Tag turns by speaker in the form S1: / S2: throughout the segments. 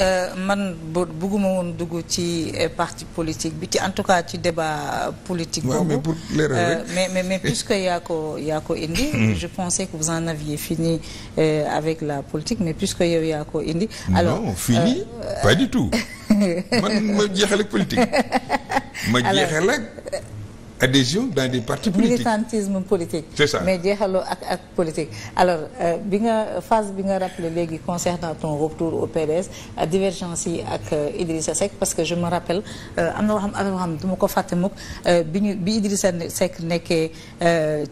S1: Euh, man bëgguma woon dugg ci eh, parti politique bi ci en tout cas ci débat politique boobu mais euh, mais mais mais puisque yaa ko indi hmm. je pensais que vous en aviez fini euh, avec la politique mais puisque yow yaa ko indi alors non fini pas du tout man ma jeexal ak politique
S2: ma jeexal ak adhésion dans des partis politiques
S1: militantisme politique. c'est ça mais jeexaloo ak ak politique. alors euh, bi nga phase bi nga rappelé léegi concernant ton retour au PDS euh, divergence yi ak euh, Idrissa Seck parce que je me rappelle am na loo xam am na loo xam du ma ko fàtte mukk bi ñu bi Idrissa Seck nekkee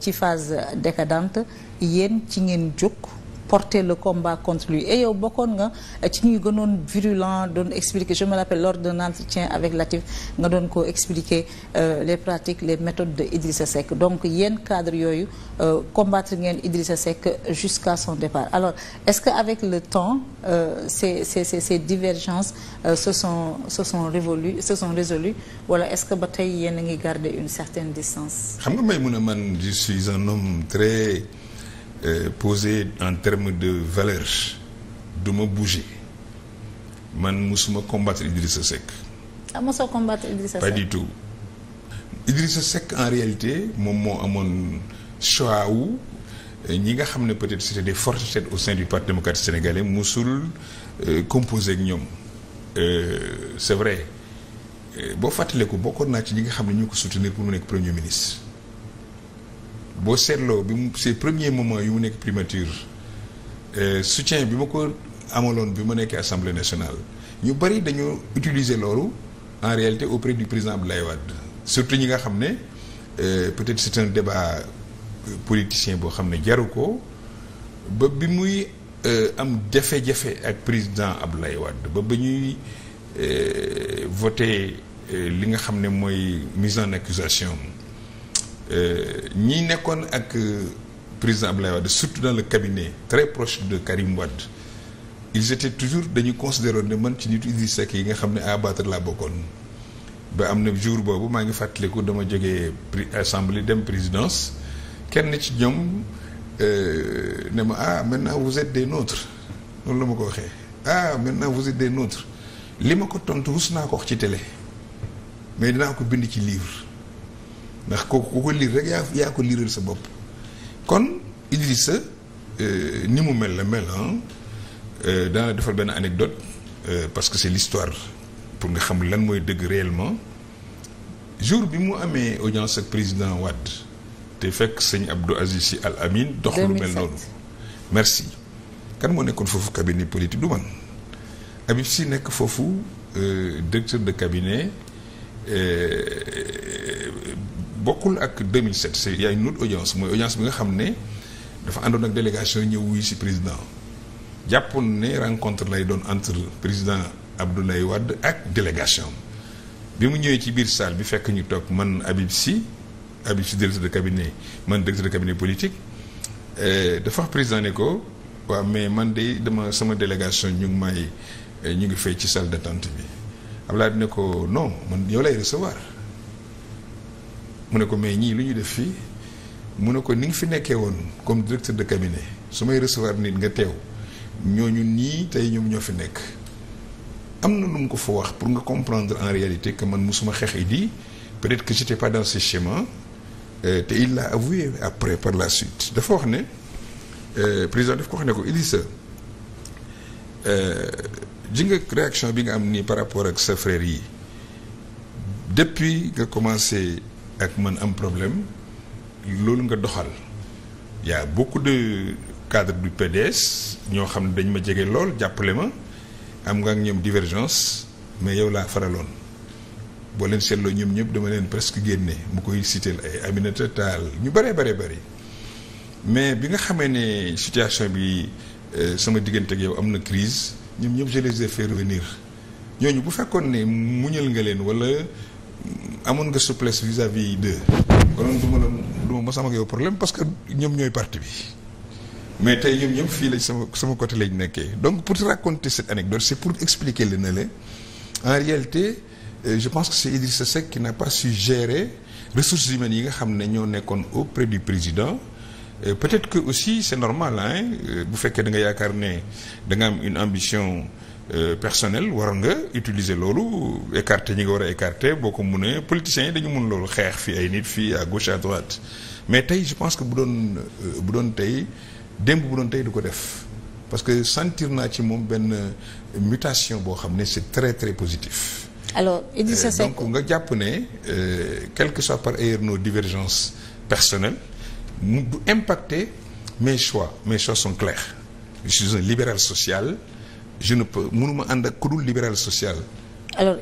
S1: ci phase décadente yéen ci ngeen jóg. porte le combat contre lui et yow bokkoon nga ci ñuy gënoon virulent doon expliquer je me rappelle lors d'un entretien avec nga doon ko expliquer euh, les pratiques les méthodes de Idrissa sec donc yéen cadre yooyu euh, combattre ngeen Idrissa sec jusqu'à son départ alors est-ce que avec le temps euh, ces ces ces ces divergences se sont se sont révolues se sont résolues wala est-ce que ba tey yéen a ngi garder une certaine distance.
S2: xam nga may mën a man je suis un homme très. Euh, posé en termes de valeur du ma bouger man musuma combattre Idrissa Seck.
S1: ah mosoo combattre Idrissa Seck pas du
S2: tout. Idrissa Seck en réalité moom moo amoon choix wu euh, ñi nga xam ne peut-être c'était des fortes têtes au sein du parti démocratique sénégalais musul euh, composé ak ñoom c'est vrai boo fàttaleku bokkoon naa ci ñi nga xam ne ñoo ko soutenir pour mu nekk premier ministre. boo seetloo bi mu ses premier moments yu mu nekk primature euh, soutien bi ma ko amaloon bi ma nekkee assemblée nationale ñu bëri dañoo utiliser loolu en réalité auprès du président lay Wade surtout ñi nga xam ne euh, peut-être c'est un débat euh, politicien boo xam ne jaru ko ba bi muy am jafe-jafe ak président Abdoulaye Wade ba ba ñuy voter li nga xam ne mooy mise en accusation Euh, ñi nekkoon ak euh, président Abdoulaye Wade surtout dans le cabinet très proche de Karim Wade ils étaient toujours dañu considéré ne man ci nitu Idrissa Seck yi nga xam ne à abattre laa bokkoon ba am na jour boobu maa ngi fàttaliku dama jógee assemblée dem présidence kenn ci ñoom euh, ne ma ah maintenant vous êtes des nôtres loolu la ma ko waxee ah maintenant vous êtes des nôtres li ma ko tontu rus naa ko wax ci télé mais dinaa ko bind ci livre ndax kooku ku ko liir rek yaa yaa ko liiral sa bopp kon Idrissa euh, ni mu mel la mel euh, dana la defal benn anecdote euh, parce que c'est l'histoire pour nga xam lan mooy dëgg réellement jour bi mu amee audience ak président Wade te fekk sëñ Abdou Aziz Sy Al Amin dox lu mel noonu merci kan moo nekkoon foofu cabinet politique du man Habib Sy nekk foofu directeur de cabinet bokkul ak 2007 c'est il y a une autre audience mooy audience bi nga xam ne dafa àndoon ak délégation ñëw wuy si président jàppoon ne rencontre lay doon entre président lay wadd ak délégation bi mu ñëwee ci biir salle bi fekk ñu toog man Habib Sy Habib Sy directeur de cabinet man directeur de cabinet politique eh, dafa wax président ne ko waaw mais man de dama sama délégation ñu ngi may eh, ñu ngi fay ci salle d'attente bi Abdoulaye ne ko non man yow lay recevoir mu ne ko mais ñii lu ñuy def fii mu ne ko ni nga fi nekkee woon comme directeur de cabinet su may recevoir nit nga teew ñooñu nii tey ñoom ñoo fi nekk. am na lu mu ko fa wax pour nga comprendre en réalité que man musuma xeexee di peut-être que j'étais pas dans ce schéma euh, te il l'a avoué après par la suite dafa wax ne euh, président daf ko wax ne ko Idrissa euh, ji nga réaction bi nga am nii par rapport ak sa frère yi depuis nga commencé. ak man am problème loolu nga doxal yaa a beaucoup de cadres du PDS ñoo xam ne dañ ma jege lool jàppale ma am nga ak ñoom divergence mais yow laa faraloon boo leen seetloo ñoom ñëpp dama leen presque génne mu koy siteel ay Aminata Tall ñu bëree bëree bëri mais bi nga xamee ne situation bi euh, sama diggante ak yow am na crise ñoom ñëpp je les fait revenir ñooñu bu fekkoon ne muñal nga leen walla amoon nga souplesse vis-à-vis de konoon du ma la du ma mos am ak problème parce que ñoom ñooy parti bi mais tey ñoom ñoom fii lañ sama sama côté lañ nekkee donc pour te raconter cette anecdote c'est pour expliquer le ne le en réalité euh, je pense que c'est Idrissa Seck qui n'a pas su gérer ressources humaines yi nga xam ne ñoo nekkoon au auprès du président euh, peut-être que aussi c'est normal hein euh, bu fekkee da nga yaakaar ne da nga am une ambition Euh, personnel war nga utiliser loolu écarte ñi nga war a écarter boo ko mënee politiciens yi dañu mën loolu xeex fii ay nit fi a gauche à droite mais tey je pense que bu doon euh, bu doon tey démb bu doon tey du ko def parce que sentir naa ci moom benn mutation boo xam ne c'est très très positif. alors Idrissa euh, Seck donc nga jàpp ne quel que soit par ailleurs nos divergences personnelles mu du impacter mes choix mes choix sont libéral social. je ne peux mënuma ànd ak ku dul libéral